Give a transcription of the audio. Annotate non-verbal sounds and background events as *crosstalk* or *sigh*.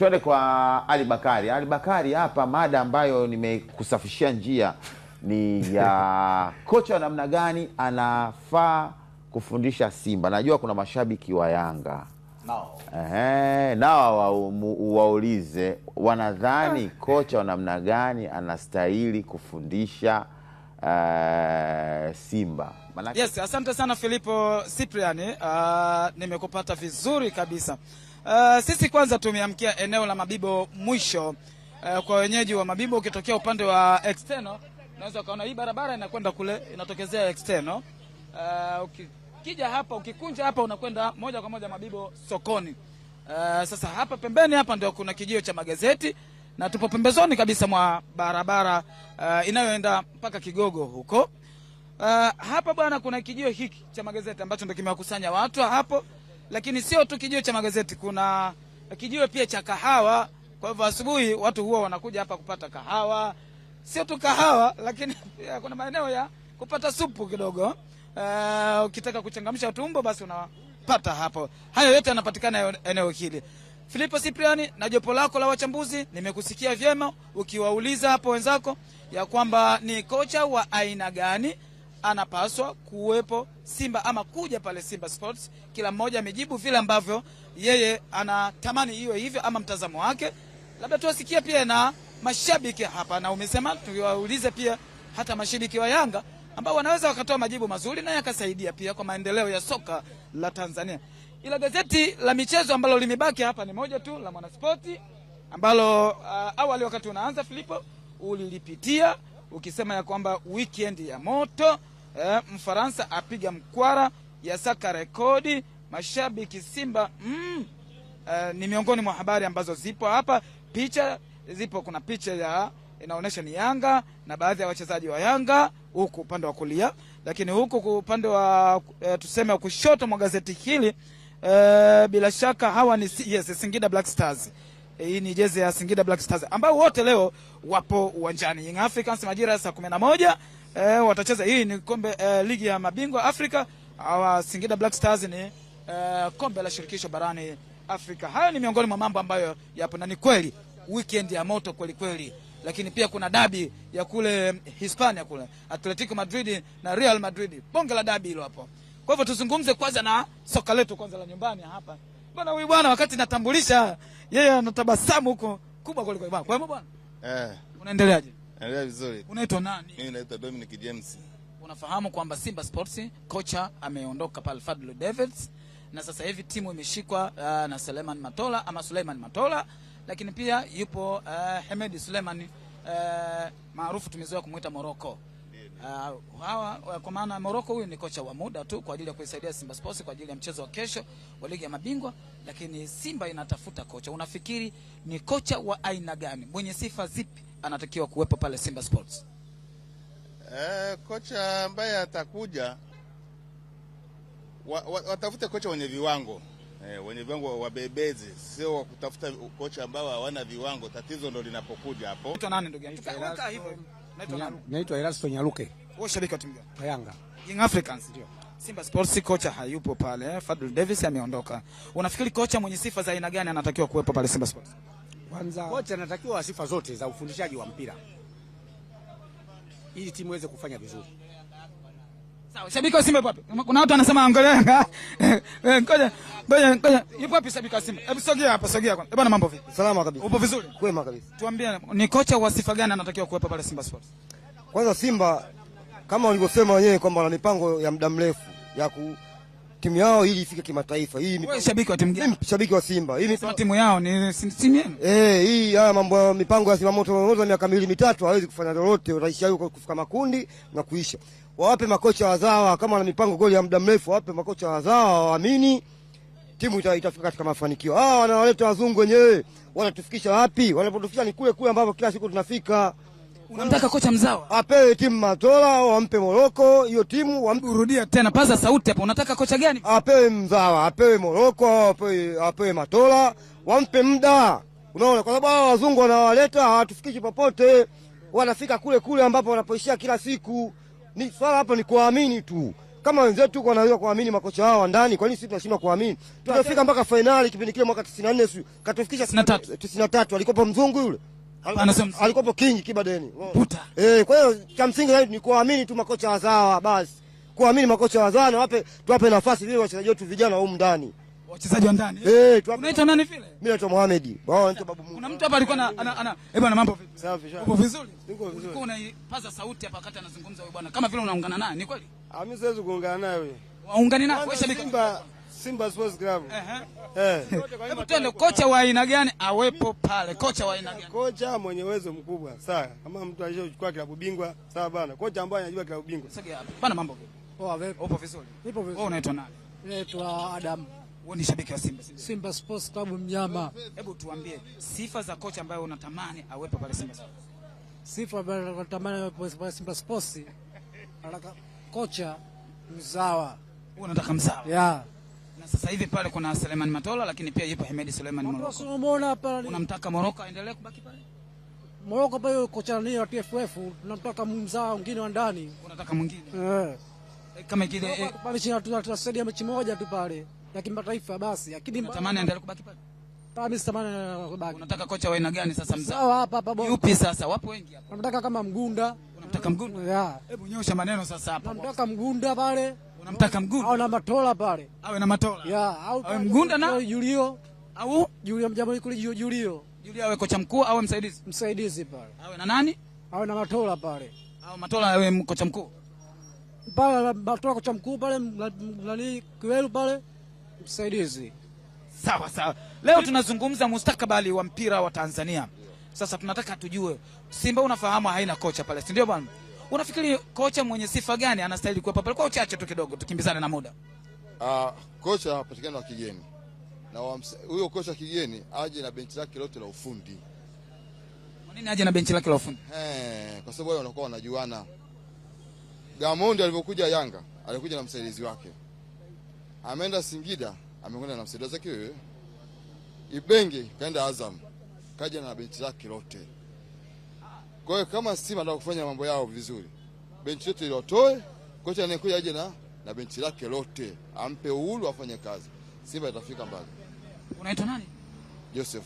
Twende kwa Ali Bakari. Ali Bakari, hapa mada ambayo nimekusafishia njia ni ya *laughs* kocha wa namna gani anafaa kufundisha Simba. Najua kuna mashabiki wa Yanga nao waulize wanadhani ah. kocha wa namna gani anastahili kufundisha uh, Simba. Manaki. Yes, asante sana Filipo Sipriani. Uh, ah, nimekupata vizuri kabisa. Eh, sisi kwanza tumeamkia eneo la Mabibo mwisho uh, kwa wenyeji wa Mabibo. Ukitokea upande wa external unaweza ukaona hii barabara inakwenda kule inatokezea external. Uh, ukija hapa ukikunja hapa unakwenda moja kwa moja Mabibo sokoni. Uh, sasa hapa pembeni hapa ndio kuna kijio cha magazeti na tupo pembezoni kabisa mwa barabara uh, inayoenda mpaka Kigogo huko. Uh, hapa bwana kuna kijio hiki cha magazeti ambacho ndio kimewakusanya watu hapo lakini sio tu kijiwe cha magazeti, kuna kijiwe pia cha kahawa. Kwa hivyo asubuhi watu huwa wanakuja hapa kupata kahawa, sio tu kahawa, lakini ya, *laughs* kuna maeneo ya kupata supu kidogo. Uh, ukitaka kuchangamsha tumbo basi unapata hapo. Hayo yote yanapatikana eneo hili. Filipo Sipriani na jopo lako la wachambuzi nimekusikia vyema ukiwauliza hapo wenzako ya kwamba ni kocha wa aina gani anapaswa kuwepo Simba ama kuja pale Simba Sports. Kila mmoja amejibu vile ambavyo yeye anatamani iwe hivyo ama mtazamo wake. Labda tuwasikie pia na mashabiki hapa, na umesema tuwaulize pia hata mashabiki wa Yanga ambao wanaweza wakatoa majibu mazuri na yakasaidia pia kwa maendeleo ya soka la Tanzania. Ila gazeti la michezo ambalo limebaki hapa ni moja tu la Mwanaspoti ambalo uh, awali wakati unaanza Filipo ulilipitia ukisema ya kwamba weekend ya moto eh, Mfaransa apiga mkwara yasaka rekodi mashabiki Simba mm, eh, ni miongoni mwa habari ambazo zipo hapa. Picha zipo, kuna picha ya inaonyesha ni Yanga na baadhi ya wachezaji wa Yanga huku upande wa kulia, lakini huku upande wa eh, tuseme kushoto mwa gazeti hili eh, bila shaka hawa ni yes, Singida Black Stars hii ni jezi ya Singida Black Stars ambao wote leo wapo uwanjani. Young Africans majira ya saa kumi na moja e, watacheza hii ni kombe e, ligi ya mabingwa Afrika. Hawa Singida Black Stars ni e, kombe la shirikisho barani Afrika. Hayo ni miongoni mwa mambo ambayo yapo na ni kweli weekend ya moto kweli kweli, lakini pia kuna dabi ya kule mm, Hispania kule Atletico Madrid na Real Madrid, bonge la dabi hilo hapo. Kwa hivyo tuzungumze kwanza na soka letu kwanza la nyumbani hapa bwana. Huyu bwana wakati natambulisha yeye anatabasamu huko kubwa kweli kweli bwana. Kwa hivyo bwana, eh, unaendeleaje? Naelewa vizuri. Unaitwa nani? Mimi naitwa Dominic James. Unafahamu kwamba Simba Sports kocha ameondoka pale Fadlu Davids na sasa hivi timu imeshikwa uh, na Suleiman Matola ama Suleiman Matola, lakini pia yupo uh, Hemedi Suleiman uh, maarufu tumezoea kumuita Moroko. Uh, hawa uh, kwa maana Moroko huyu ni kocha wa muda tu kwa ajili ya kuisaidia Simba Sports kwa ajili ya mchezo wa kesho wa ligi ya mabingwa, lakini Simba inatafuta kocha. Unafikiri ni kocha wa aina gani, mwenye sifa zipi anatakiwa kuwepo pale Simba Sports? Eh, kocha ambaye atakuja wa, wa, watafute kocha wenye viwango eh, wenye viwango wabebezi, sio wa kutafuta kocha ambao hawana viwango. Tatizo ndo linapokuja hapo. Naitwa Naitwa Naitwa nani Erasto Nyaruke. Wewe shabiki wa timu gani? Yanga. Young Africans ndio. Simba Sports kocha hayupo pale, Fadlu Davis ameondoka. Unafikiri kocha mwenye sifa za aina gani anatakiwa kuwepo pale Simba Sports? Kwanza kocha anatakiwa sifa zote za ufundishaji wa mpira ili timu iweze kufanya vizuri. Sawa, shabiki wa Simba wapi? Kuna watu wanasema angalia *laughs* Yanga. Eh, ngoja, ngoja, ngoja. Yupo wapi shabiki wa Simba? Hebu sogea hapa, sogea kwanza. Eh, bwana, mambo vipi? Salama kabisa. Upo vizuri? Kwema kabisa. Tuambie ni kocha wa sifa gani anatakiwa kuwepo pale Simba Sports? Kwanza Simba kama walivyosema wenyewe kwamba wana mipango ya muda mrefu ya ku timu yao ili ifike kimataifa. Hii ni shabiki wa timu gani? Mimi shabiki wa Simba. Hii mipango... timu yao ni timu yenu? Eh, hii haya mambo mipango ya moto lolote miaka miwili mitatu hawezi kufanya lolote, utaisha huko kufika makundi na kuisha. Wawape makocha wazawa kama wana mipango goli ya muda mrefu, wawape makocha wazawa waamini timu ita, itafika katika mafanikio. Ah, wanawaleta wazungu wenyewe wanatufikisha wapi? Wanapotufikisha ni kule kule ambapo kila siku tunafika. Unamtaka kocha mzawa apewe timu Matola, au ampe Moroko hiyo timu wampe... Urudia tena, paza sauti hapo. Unataka kocha gani? Apewe mzawa, apewe Moroko, apewe, apewe Matola, wampe muda. Unaona, kwa sababu hawa wazungu wanawaleta hawatufikishi popote, wanafika kule kule ambapo wanapoishia kila siku. Ni swala hapo ni kuamini tu kama wenzetu huko wanaweza kuamini makocha wao ndani, kwa nini sisi tunashindwa kuamini? Tunafika mpaka fainali kipindi kile mwaka 94 sio katufikisha 93, 93 alikopa mzungu yule alikopo kingi kibadeni eh. Kwa hiyo cha msingi zaidi ni kuamini tu makocha wazawa basi, kuamini makocha wazawa na wape tuwape nafasi vile wachezaji wetu vijana humu ndani wachezaji wa ndani eh. Unaitwa nani vile? Mimi naitwa Mohamed, Bwana wanaitwa Babu Mungu. Kuna mtu hapa alikuwa ana, ana eh, bwana, mambo vipi? Safi sana. Uko vizuri? Niko vizuri. Uko unaipaza sauti hapa wakati anazungumza huyo bwana, kama vile unaungana naye. Ni kweli? Ah, mimi siwezi kuungana naye wewe. Waungane naye kwa shabiki Simba Simba Sports Club. Eh. Hebu twende kocha wa aina gani awepo pale? Kocha wa aina gani? Kocha mwenye uwezo mkubwa Sawa. Kama mtu alishachukua klabu bingwa, sawa bana. Kocha ambaye anajua klabu bingwa. Sasa hapa. Bana mambo. Poa vipi? Upo vizuri? Nipo vizuri. Wewe unaitwa nani? Naitwa Adam. Wewe ni shabiki wa Simba. Simba Sports Club mnyama. Hebu tuambie sifa za kocha ambaye unatamani awepo pale Simba Sports. Sifa ambaye unatamani awepo pale Simba Sports. Anataka kocha mzawa. Wewe Unataka mzawa? Yeah na sasa hivi pale kuna Suleiman Matola, lakini pia yupo Hemedi Suleiman Moroko. Unamtaka Moroko aendelee kubaki pale? Moroko pale yuko kocha ni wa TFF, tunamtaka mzao mwingine wa ndani. Unataka mwingine? Eh. eh kama kile eh, pale chini ya mechi moja tu pale ya kimataifa basi. Lakini natamani aendelee kubaki pale. Ah, kubaki. Unataka kocha wa aina gani sasa mzao? Sawa hapa hapa bwana. Yupi sasa? Wapo wengi hapa. Unataka kama Mgunda. Unamtaka Mgunda? Yeah. Hebu nyosha maneno sasa hapa. Unataka Mgunda pale. Unamtaka Mgunda? Au na matola pale. Awe na matola. Ya, au awe Mgunda na Julio. Au Julio mjambo kule Julio. Julio awe kocha mkuu au msaidizi? Msaidizi pale. Awe na nani? Awe na matola pale. Au matola awe kocha mkuu. Pale matola kocha mkuu pale nani Kiwelu pale msaidizi. Sawa sawa. Leo tunazungumza mustakabali wa mpira wa Tanzania. Sasa tunataka tujue Simba, unafahamu haina kocha pale, si ndio bwana? Unafikiri kocha mwenye sifa gani anastahili kuwepo pale? Kwa uchache tu kidogo, tukimbizane na muda. Uh, kocha hapatikani wa kigeni na huyo kocha kigeni aje na benchi lake lote la ufundi. Kwa nini aje na benchi lake la ufundi? Eh, kwa sababu wao wanakuwa wanajuana. Gamondi alivyokuja Yanga alikuja na msaidizi wake, ameenda Singida amekwenda na msaidizi wake. Ibenge kaenda Azam kaja na benchi lake lote. Kwa hiyo kama Simba ndio kufanya mambo yao vizuri, benchi yote iliotoe, kocha anayekuja aje na na benchi lake lote, ampe uhuru afanye kazi, Simba itafika mbali. Unaitwa nani? Joseph